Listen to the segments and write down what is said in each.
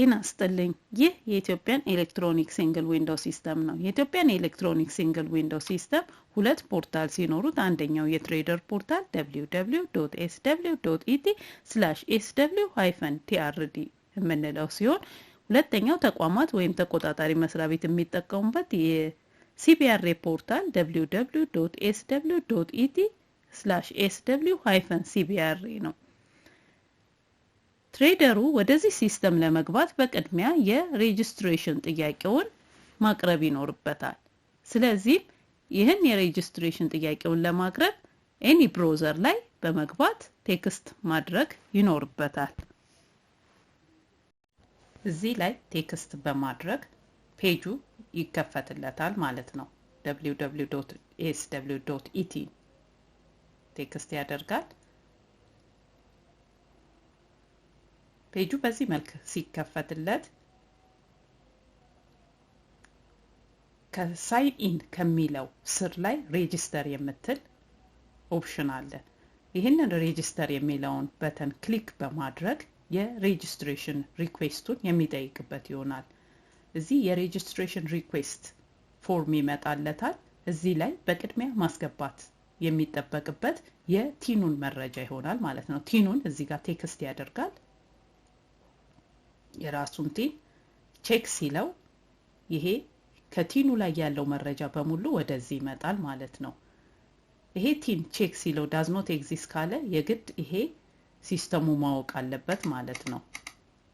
ጤና ስጥልኝ። ይህ የኢትዮጵያን ኤሌክትሮኒክ ሲንግል ዊንዶው ሲስተም ነው። የኢትዮጵያን ኤሌክትሮኒክ ሲንግል ዊንዶው ሲስተም ሁለት ፖርታል ሲኖሩት አንደኛው የትሬደር ፖርታል www ኤስ www ኢቲ ሃይፈን የምንለው ሲሆን ሁለተኛው ተቋማት ወይም ተቆጣጣሪ መስሪያ ቤት የሚጠቀሙበት የሲቢአርኤ ፖርታል www ኤስ www ኢቲ ነው። ትሬደሩ ወደዚህ ሲስተም ለመግባት በቅድሚያ የሬጅስትሬሽን ጥያቄውን ማቅረብ ይኖርበታል። ስለዚህም ይህን የሬጅስትሬሽን ጥያቄውን ለማቅረብ ኤኒ ብሮዘር ላይ በመግባት ቴክስት ማድረግ ይኖርበታል። እዚህ ላይ ቴክስት በማድረግ ፔጁ ይከፈትለታል ማለት ነው። www.sw.et ቴክስት ያደርጋል። ፔጁ በዚህ መልክ ሲከፈትለት ከሳይን ኢን ከሚለው ስር ላይ ሬጅስተር የምትል ኦፕሽን አለ። ይህንን ሬጅስተር የሚለውን በተን ክሊክ በማድረግ የሬጅስትሬሽን ሪኩዌስቱን የሚጠይቅበት ይሆናል። እዚህ የሬጂስትሬሽን ሪኩዌስት ፎርም ይመጣለታል። እዚህ ላይ በቅድሚያ ማስገባት የሚጠበቅበት የቲኑን መረጃ ይሆናል ማለት ነው። ቲኑን እዚህ ጋር ቴክስት ያደርጋል። የራሱን ቲን ቼክ ሲለው ይሄ ከቲኑ ላይ ያለው መረጃ በሙሉ ወደዚህ ይመጣል ማለት ነው። ይሄ ቲን ቼክ ሲለው ዳዝኖት ኤግዚስት ካለ የግድ ይሄ ሲስተሙ ማወቅ አለበት ማለት ነው።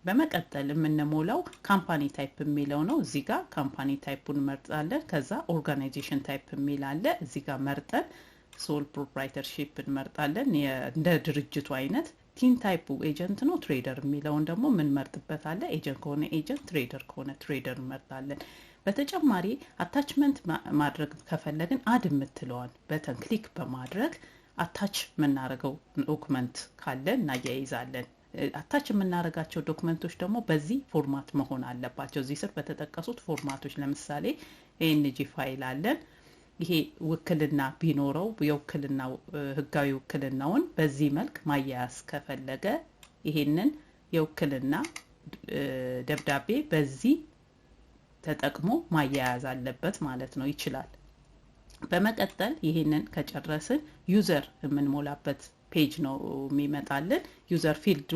በመቀጠል የምንሞላው ካምፓኒ ታይፕ የሚለው ነው። እዚህ ጋር ካምፓኒ ታይፑን መርጣለን። ከዛ ኦርጋናይዜሽን ታይፕ የሚል አለ። እዚህ ጋር መርጠን ሶል ፕሮፕራይተርሺፕ እንመርጣለን እንደ ድርጅቱ አይነት ቲን ታይፑ ኤጀንት ነው ትሬደር የሚለውን ደግሞ መርጥበት አለ። ኤጀንት ከሆነ ኤጀንት፣ ትሬደር ከሆነ ትሬደር እንመርጣለን። በተጨማሪ አታችመንት ማድረግ ከፈለግን አድ የምትለዋን በተን ክሊክ በማድረግ አታች የምናደርገው ዶክመንት ካለ እናያይዛለን። አታች የምናደርጋቸው ዶክመንቶች ደግሞ በዚህ ፎርማት መሆን አለባቸው። እዚህ ስር በተጠቀሱት ፎርማቶች ለምሳሌ ኤንጂ ፋይል አለን ይሄ ውክልና ቢኖረው የውክልና ህጋዊ ውክልናውን በዚህ መልክ ማያያዝ ከፈለገ ይሄንን የውክልና ደብዳቤ በዚህ ተጠቅሞ ማያያዝ አለበት ማለት ነው። ይችላል። በመቀጠል ይህንን ከጨረስን ዩዘር የምንሞላበት ፔጅ ነው የሚመጣልን። ዩዘር ፊልዱ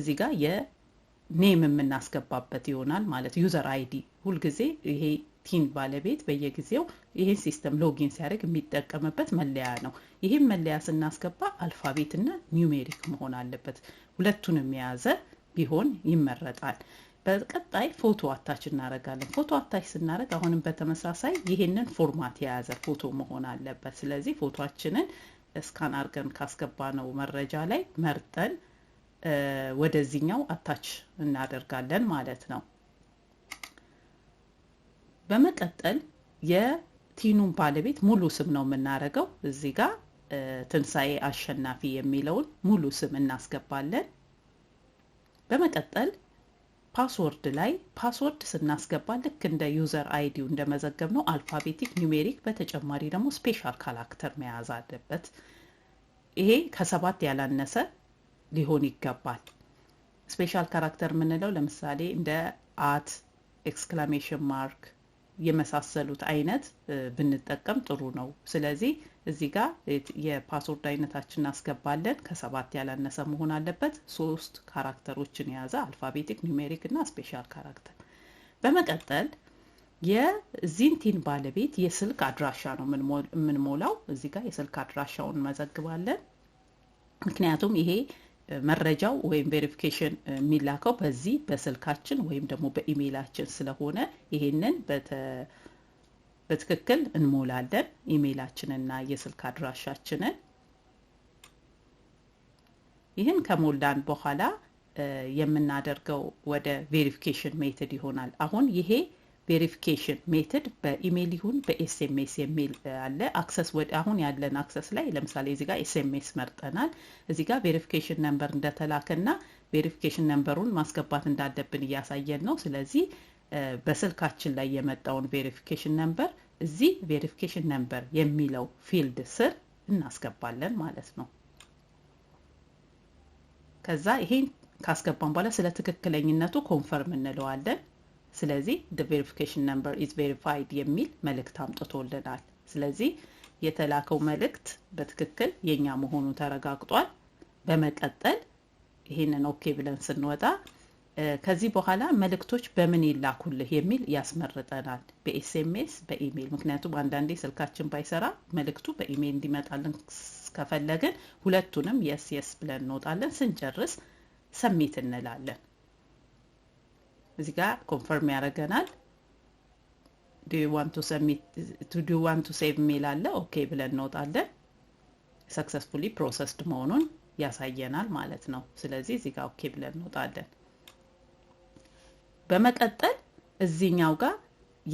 እዚህ ጋር የኔም የምናስገባበት ይሆናል ማለት ዩዘር አይዲ ሁልጊዜ ይሄ ቲን ባለቤት በየጊዜው ይህን ሲስተም ሎጊን ሲያደርግ የሚጠቀምበት መለያ ነው። ይህም መለያ ስናስገባ አልፋቤት እና ኒውሜሪክ መሆን አለበት። ሁለቱንም የያዘ ቢሆን ይመረጣል። በቀጣይ ፎቶ አታች እናደርጋለን። ፎቶ አታች ስናደርግ አሁንም በተመሳሳይ ይህንን ፎርማት የያዘ ፎቶ መሆን አለበት። ስለዚህ ፎቶችንን ስካን አድርገን ካስገባነው መረጃ ላይ መርጠን ወደዚህኛው አታች እናደርጋለን ማለት ነው። በመቀጠል የቲኑን ባለቤት ሙሉ ስም ነው የምናደርገው። እዚህ ጋር ትንሣኤ አሸናፊ የሚለውን ሙሉ ስም እናስገባለን። በመቀጠል ፓስወርድ ላይ ፓስወርድ ስናስገባ ልክ እንደ ዩዘር አይዲው እንደመዘገብ ነው አልፋቤቲክ፣ ኒሜሪክ በተጨማሪ ደግሞ ስፔሻል ካራክተር መያዝ አለበት። ይሄ ከሰባት ያላነሰ ሊሆን ይገባል። ስፔሻል ካራክተር የምንለው ለምሳሌ እንደ አት ኤክስክላሜሽን ማርክ የመሳሰሉት አይነት ብንጠቀም ጥሩ ነው። ስለዚህ እዚህ ጋር የፓስወርድ አይነታችን እናስገባለን። ከሰባት ያላነሰ መሆን አለበት። ሶስት ካራክተሮችን የያዘ አልፋቤቲክ፣ ኒሜሪክ እና ስፔሻል ካራክተር። በመቀጠል የዚንቲን ባለቤት የስልክ አድራሻ ነው የምንሞላው። እዚህ ጋር የስልክ አድራሻውን መዘግባለን። ምክንያቱም ይሄ መረጃው ወይም ቬሪፊኬሽን የሚላከው በዚህ በስልካችን ወይም ደግሞ በኢሜይላችን ስለሆነ ይሄንን በትክክል እንሞላለን። ኢሜይላችንና የስልክ አድራሻችንን ይህን ከሞላን በኋላ የምናደርገው ወደ ቬሪፊኬሽን ሜትድ ይሆናል። አሁን ይሄ ቬሪፊኬሽን ሜትድ በኢሜይል ይሁን በኤስኤምኤስ የሚል አለ። አክሰስ ወደ አሁን ያለን አክሰስ ላይ ለምሳሌ እዚ ጋር ኤስኤምኤስ መርጠናል። እዚ ጋር ቬሪፊኬሽን ነምበር እንደተላከና ቬሪፊኬሽን ነምበሩን ማስገባት እንዳለብን እያሳየን ነው። ስለዚህ በስልካችን ላይ የመጣውን ቬሪፊኬሽን ነምበር እዚህ ቬሪፊኬሽን ነምበር የሚለው ፊልድ ስር እናስገባለን ማለት ነው። ከዛ ይሄን ካስገባን በኋላ ስለ ትክክለኝነቱ ኮንፈርም እንለዋለን። ስለዚህ ቬሪፊኬሽን ነምበር ኢዝ ቬሪፋይድ የሚል መልእክት አምጥቶልናል። ስለዚህ የተላከው መልእክት በትክክል የኛ መሆኑ ተረጋግጧል። በመቀጠል ይህንን ኦኬ ብለን ስንወጣ ከዚህ በኋላ መልእክቶች በምን ይላኩልህ የሚል ያስመርጠናል። በኤስኤምኤስ፣ በኢሜይል። ምክንያቱም አንዳንዴ ስልካችን ባይሰራ መልእክቱ በኢሜይል እንዲመጣልን ከፈለግን ሁለቱንም የስ የስ ብለን እንወጣለን። ስንጨርስ ሰሚት እንላለን። እዚህ ጋር ኮንፈርም ያደረገናል ዱ ዋን ቱ ሴቭ ሜል አለ ኦኬ ብለን እንወጣለን ሰክሰስፉሊ ፕሮሰስድ መሆኑን ያሳየናል ማለት ነው ስለዚህ እዚህ ጋር ኦኬ ብለን እንወጣለን በመቀጠል እዚኛው ጋር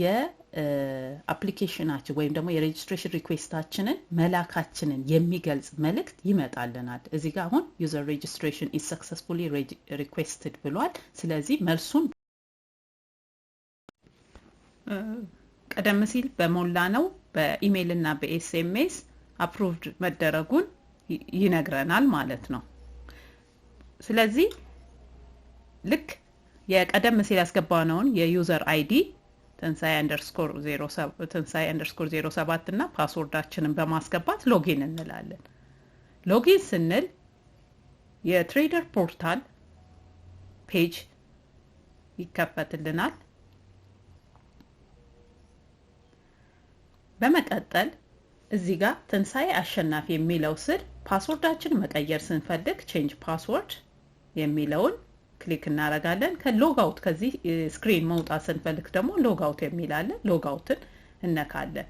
የአፕሊኬሽናችን ወይም ደግሞ የሬጅስትሬሽን ሪኩዌስታችንን መላካችንን የሚገልጽ መልእክት ይመጣልናል። እዚህ ጋር አሁን ዩዘር ሬጅስትሬሽን ኢዝ ሰክሰስፉሊ ሪኩዌስትድ ብሏል። ስለዚህ መልሱን ቀደም ሲል በሞላ ነው በኢሜይል እና በኤስኤምኤስ አፕሩቭድ መደረጉን ይነግረናል ማለት ነው። ስለዚህ ልክ የቀደም ሲል ያስገባነውን የዩዘር አይዲ ትንሳኤ አንደርስኮር 07 እና ፓስወርዳችንን በማስገባት ሎጊን እንላለን። ሎጊን ስንል የትሬደር ፖርታል ፔጅ ይከፈትልናል። በመቀጠል እዚህ ጋር ትንሣኤ አሸናፊ የሚለው ስል ፓስወርዳችን መቀየር ስንፈልግ ቼንጅ ፓስወርድ የሚለውን ክሊክ እናረጋለን። ከሎጋውት ከዚህ ስክሪን መውጣት ስንፈልግ ደግሞ ሎጋውት የሚላለን ሎጋውትን እነካለን።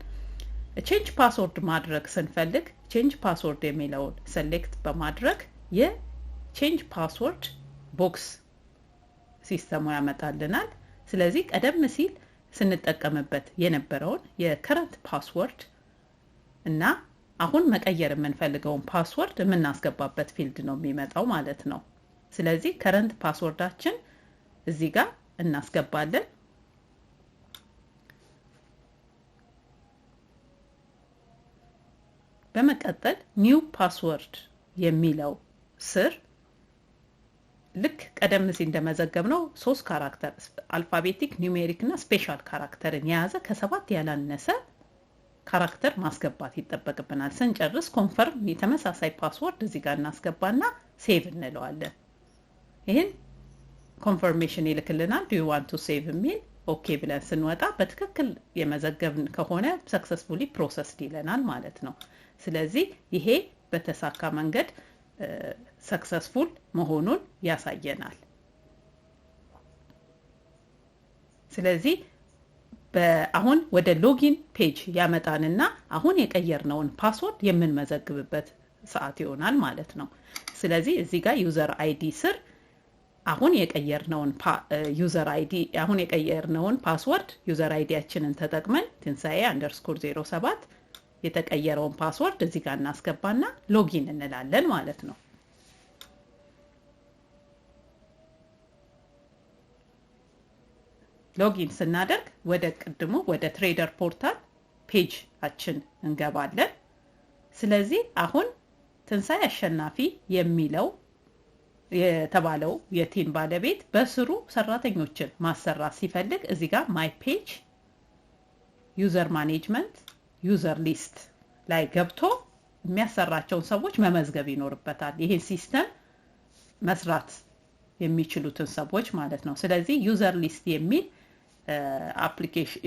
ቼንጅ ፓስወርድ ማድረግ ስንፈልግ ቼንጅ ፓስወርድ የሚለውን ሴሌክት በማድረግ የቼንጅ ፓስወርድ ቦክስ ሲስተሙ ያመጣልናል። ስለዚህ ቀደም ሲል ስንጠቀምበት የነበረውን የከረንት ፓስወርድ እና አሁን መቀየር የምንፈልገውን ፓስወርድ የምናስገባበት ፊልድ ነው የሚመጣው ማለት ነው። ስለዚህ ከረንት ፓስወርዳችን እዚህ ጋር እናስገባለን። በመቀጠል ኒው ፓስወርድ የሚለው ስር ልክ ቀደም ሲል እንደመዘገብ ነው ሶስት ካራክተር አልፋቤቲክ፣ ኒውሜሪክ እና ስፔሻል ካራክተርን የያዘ ከሰባት ያላነሰ ካራክተር ማስገባት ይጠበቅብናል። ስንጨርስ ኮንፈርም የተመሳሳይ ፓስወርድ እዚህ ጋር እናስገባና ሴቭ እንለዋለን። ይህን ኮንፈርሜሽን ይልክልናል ዱ ዋን ቱ ሴቭ የሚል ኦኬ ብለን ስንወጣ በትክክል የመዘገብን ከሆነ ሰክሰስፉሊ ፕሮሰስድ ይለናል ማለት ነው። ስለዚህ ይሄ በተሳካ መንገድ ሰክሰስፉል መሆኑን ያሳየናል። ስለዚህ አሁን ወደ ሎጊን ፔጅ ያመጣንና አሁን የቀየርነውን ፓስወርድ የምንመዘግብበት ሰዓት ይሆናል ማለት ነው። ስለዚህ እዚህ ጋር ዩዘር አይዲ ስር አሁን የቀየርነውን ዩዘር አይዲ አሁን የቀየርነውን ፓስወርድ ዩዘር አይዲያችንን ተጠቅመን ትንሳኤ አንደርስኮር 07 የተቀየረውን ፓስወርድ እዚህ ጋር እናስገባና ሎጊን እንላለን ማለት ነው። ሎጊን ስናደርግ ወደ ቅድሙ ወደ ትሬደር ፖርታል ፔጅችን እንገባለን። ስለዚህ አሁን ትንሳኤ አሸናፊ የሚለው የተባለው የቲም ባለቤት በስሩ ሰራተኞችን ማሰራት ሲፈልግ እዚህ ጋር ማይ ፔጅ ዩዘር ማኔጅመንት ዩዘር ሊስት ላይ ገብቶ የሚያሰራቸውን ሰዎች መመዝገብ ይኖርበታል። ይህን ሲስተም መስራት የሚችሉትን ሰዎች ማለት ነው። ስለዚህ ዩዘር ሊስት የሚል አፕሊኬሽን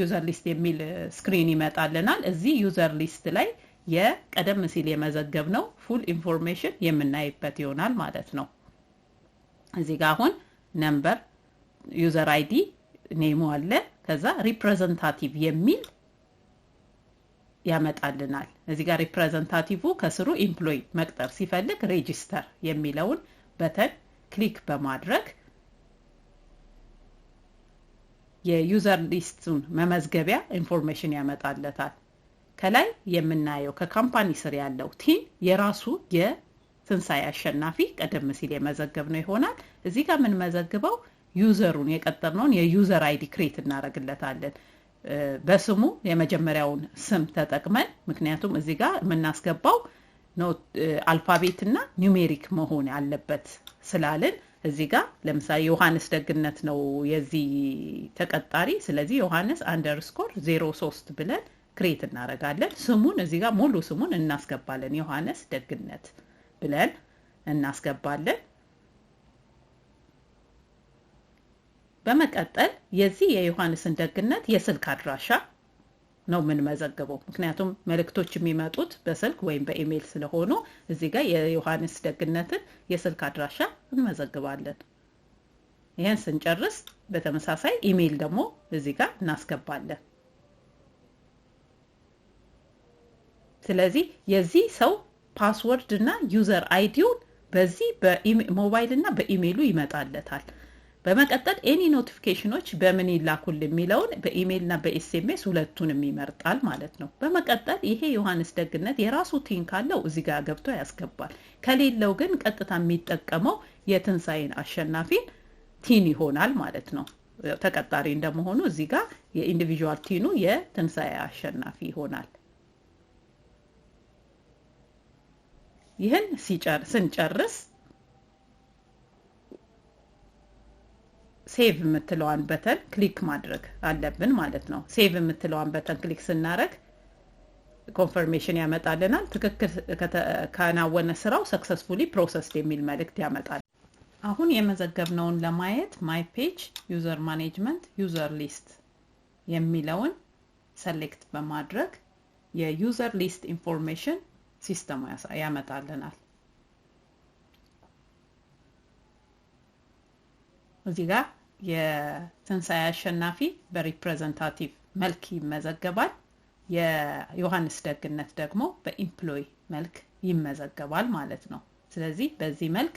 ዩዘር ሊስት የሚል ስክሪን ይመጣልናል። እዚህ ዩዘር ሊስት ላይ የቀደም ሲል የመዘገብ ነው ፉል ኢንፎርሜሽን የምናይበት ይሆናል ማለት ነው። እዚህ ጋር አሁን ነምበር፣ ዩዘር አይዲ ኔሙ አለ። ከዛ ሪፕሬዘንታቲቭ የሚል ያመጣልናል። እዚህ ጋር ሪፕሬዘንታቲቭ ከስሩ ኢምፕሎይ መቅጠር ሲፈልግ ሬጂስተር የሚለውን በተን ክሊክ በማድረግ የዩዘር ሊስቱን መመዝገቢያ ኢንፎርሜሽን ያመጣለታል። ከላይ የምናየው ከካምፓኒ ስር ያለው ቲም የራሱ የትንሳኤ አሸናፊ ቀደም ሲል የመዘገብ ነው ይሆናል። እዚህ ጋር የምንመዘግበው ዩዘሩን የቀጠርነውን የዩዘር አይዲ ክሬት እናደርግለታለን። በስሙ የመጀመሪያውን ስም ተጠቅመን ምክንያቱም እዚህ ጋር የምናስገባው አልፋቤት እና ኒውሜሪክ መሆን ያለበት ስላልን እዚህ ጋር ለምሳሌ ዮሐንስ ደግነት ነው የዚህ ተቀጣሪ። ስለዚህ ዮሐንስ አንደርስኮር ዜሮ ሶስት ብለን ክሬት እናደርጋለን። ስሙን እዚህ ጋር ሙሉ ስሙን እናስገባለን። ዮሐንስ ደግነት ብለን እናስገባለን። በመቀጠል የዚህ የዮሐንስን ደግነት የስልክ አድራሻ ነው የምንመዘግበው። ምክንያቱም መልእክቶች የሚመጡት በስልክ ወይም በኢሜይል ስለሆኑ እዚህ ጋር የዮሐንስ ደግነትን የስልክ አድራሻ እንመዘግባለን። ይህን ስንጨርስ በተመሳሳይ ኢሜይል ደግሞ እዚህ ጋር እናስገባለን። ስለዚህ የዚህ ሰው ፓስወርድ እና ዩዘር አይዲውን በዚህ በሞባይል እና በኢሜይሉ ይመጣለታል። በመቀጠል ኤኒ ኖቲፊኬሽኖች በምን ይላኩል የሚለውን በኢሜይል እና በኤስኤምኤስ ሁለቱንም ይመርጣል ማለት ነው። በመቀጠል ይሄ ዮሐንስ ደግነት የራሱ ቲን ካለው እዚህ ጋር ገብቶ ያስገባል። ከሌለው ግን ቀጥታ የሚጠቀመው የትንሣኤን አሸናፊን ቲን ይሆናል ማለት ነው። ተቀጣሪ እንደመሆኑ እዚህ ጋር የኢንዲቪዥዋል ቲኑ የትንሣኤ አሸናፊ ይሆናል። ይህን ስንጨርስ ሴቭ የምትለዋን በተን ክሊክ ማድረግ አለብን ማለት ነው። ሴቭ የምትለዋን በተን ክሊክ ስናደረግ ኮንፈርሜሽን ያመጣልናል። ትክክል ከናወነ ስራው ሰክሰስፉሊ ፕሮሰስ የሚል መልእክት ያመጣል። አሁን የመዘገብነውን ለማየት ማይ ፔጅ ዩዘር ማኔጅመንት ዩዘር ሊስት የሚለውን ሰሌክት በማድረግ የዩዘር ሊስት ኢንፎርሜሽን ሲስተሙ ያመጣልናል። እዚህ ጋር የትንሣኤ አሸናፊ በሪፕሬዘንታቲቭ መልክ ይመዘገባል። የዮሐንስ ደግነት ደግሞ በኢምፕሎይ መልክ ይመዘገባል ማለት ነው። ስለዚህ በዚህ መልክ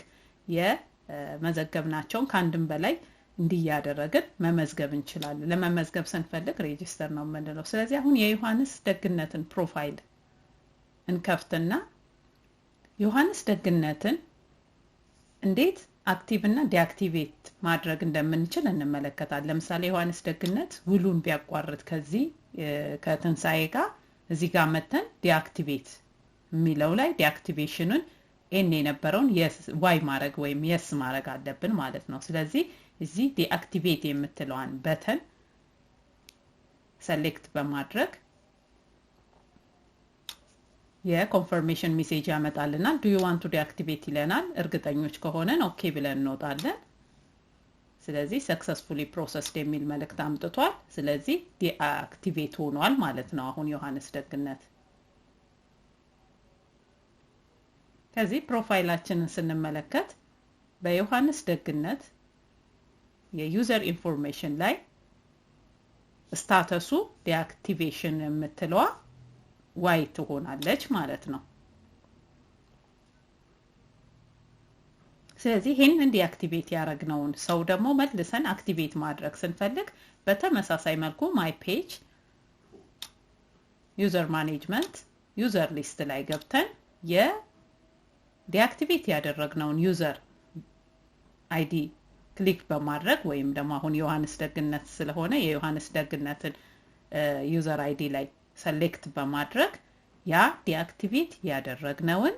የመዘገብናቸውን ከአንድም በላይ እንዲያደረግን መመዝገብ እንችላለን። ለመመዝገብ ስንፈልግ ሬጂስተር ነው የምንለው። ስለዚህ አሁን የዮሐንስ ደግነትን ፕሮፋይል እንከፍትና ዮሐንስ ደግነትን እንዴት አክቲቭ እና ዲአክቲቬት ማድረግ እንደምንችል እንመለከታል። ለምሳሌ ዮሐንስ ደግነት ውሉን ቢያቋርጥ ከዚህ ከትንሣኤ ጋር እዚህ ጋር መተን ዲአክቲቬት የሚለው ላይ ዲአክቲቬሽኑን ኤን የነበረውን ዋይ ማድረግ ወይም የስ ማድረግ አለብን ማለት ነው። ስለዚህ እዚህ ዲአክቲቬት የምትለዋን በተን ሰሌክት በማድረግ የኮንፈርሜሽን ሜሴጅ ያመጣልናል። ዱ ዩ ዋንት ቱ ዲአክቲቬት ይለናል። እርግጠኞች ከሆነን ኦኬ ብለን እንወጣለን። ስለዚህ ሰክሰስፉሊ ፕሮሰስድ የሚል መልእክት አምጥቷል። ስለዚህ ዲአክቲቬት ሆኗል ማለት ነው። አሁን ዮሐንስ ደግነት ከዚህ ፕሮፋይላችንን ስንመለከት በዮሐንስ ደግነት የዩዘር ኢንፎርሜሽን ላይ ስታተሱ ዲአክቲቬሽን የምትለዋ ዋይ ትሆናለች ማለት ነው። ስለዚህ ይህን እንዲ አክቲቬት ያደረግነውን ሰው ደግሞ መልሰን አክቲቬት ማድረግ ስንፈልግ በተመሳሳይ መልኩ ማይ ፔጅ ዩዘር ማኔጅመንት ዩዘር ሊስት ላይ ገብተን የዲአክቲቬት ያደረግነውን ዩዘር አይዲ ክሊክ በማድረግ ወይም ደግሞ አሁን ዮሐንስ ደግነት ስለሆነ የዮሐንስ ደግነትን ዩዘር አይዲ ላይ ሰሌክት በማድረግ ያ ዲአክቲቬት ያደረግነውን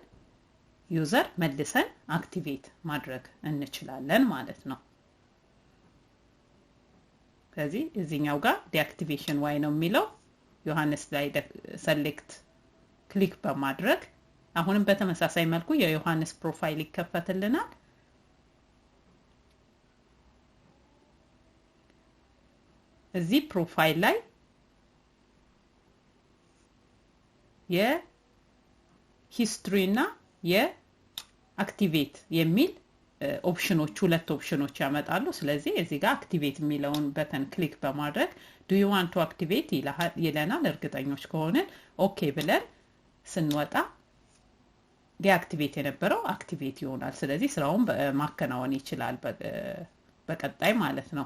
ዩዘር መልሰን አክቲቬት ማድረግ እንችላለን ማለት ነው። ስለዚህ እዚኛው ጋር ዲአክቲቬሽን ዋይ ነው የሚለው ዮሐንስ ላይ ሰሌክት ክሊክ በማድረግ አሁንም በተመሳሳይ መልኩ የዮሐንስ ፕሮፋይል ይከፈትልናል። እዚህ ፕሮፋይል ላይ የሂስትሪና የአክቲቬት የሚል ኦፕሽኖች ሁለት ኦፕሽኖች ያመጣሉ። ስለዚህ እዚህ ጋር አክቲቬት የሚለውን በተን ክሊክ በማድረግ ዱ ዩ ቱ አክቲቬት ይለናል። እርግጠኞች ከሆንን ኦኬ ብለን ስንወጣ ዲአክቲቬት የነበረው አክቲቬት ይሆናል። ስለዚህ ስራውን ማከናወን ይችላል በቀጣይ ማለት ነው።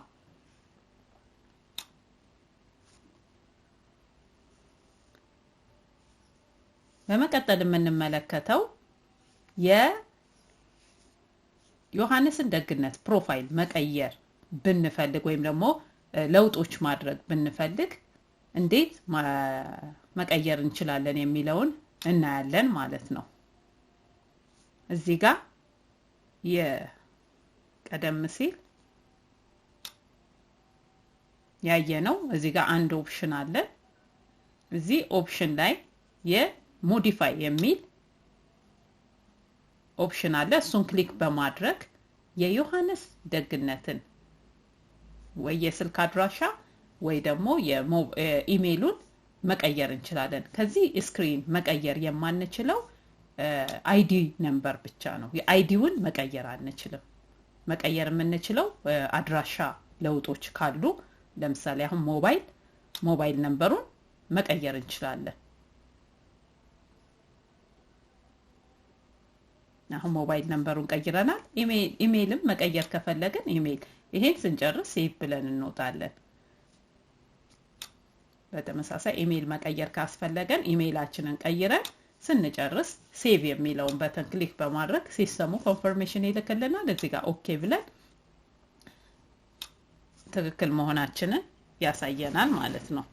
በመቀጠል የምንመለከተው የዮሐንስን ደግነት ፕሮፋይል መቀየር ብንፈልግ ወይም ደግሞ ለውጦች ማድረግ ብንፈልግ እንዴት መቀየር እንችላለን የሚለውን እናያለን ማለት ነው። እዚህ ጋር የቀደም ሲል ያየ ነው። እዚህ ጋር አንድ ኦፕሽን አለ። እዚህ ኦፕሽን ላይ ሞዲፋይ የሚል ኦፕሽን አለ። እሱን ክሊክ በማድረግ የዮሐንስ ደግነትን ወይ የስልክ አድራሻ ወይ ደግሞ ኢሜይሉን መቀየር እንችላለን። ከዚህ ስክሪን መቀየር የማንችለው አይዲ ነምበር ብቻ ነው። የአይዲውን መቀየር አንችልም። መቀየር የምንችለው አድራሻ ለውጦች ካሉ ለምሳሌ አሁን ሞባይል ሞባይል ነምበሩን መቀየር እንችላለን። አሁን ሞባይል ነንበሩን ቀይረናል። ኢሜይልም መቀየር ከፈለግን ኢሜይል ይሄን ስንጨርስ ሴቭ ብለን እንወጣለን። በተመሳሳይ ኢሜይል መቀየር ካስፈለገን ኢሜይላችንን ቀይረን ስንጨርስ ሴቭ የሚለውን በተን ክሊክ በማድረግ ሲስተሙ ኮንፈርሜሽን ይልክልናል። እዚህ ጋር ኦኬ ብለን ትክክል መሆናችንን ያሳየናል ማለት ነው።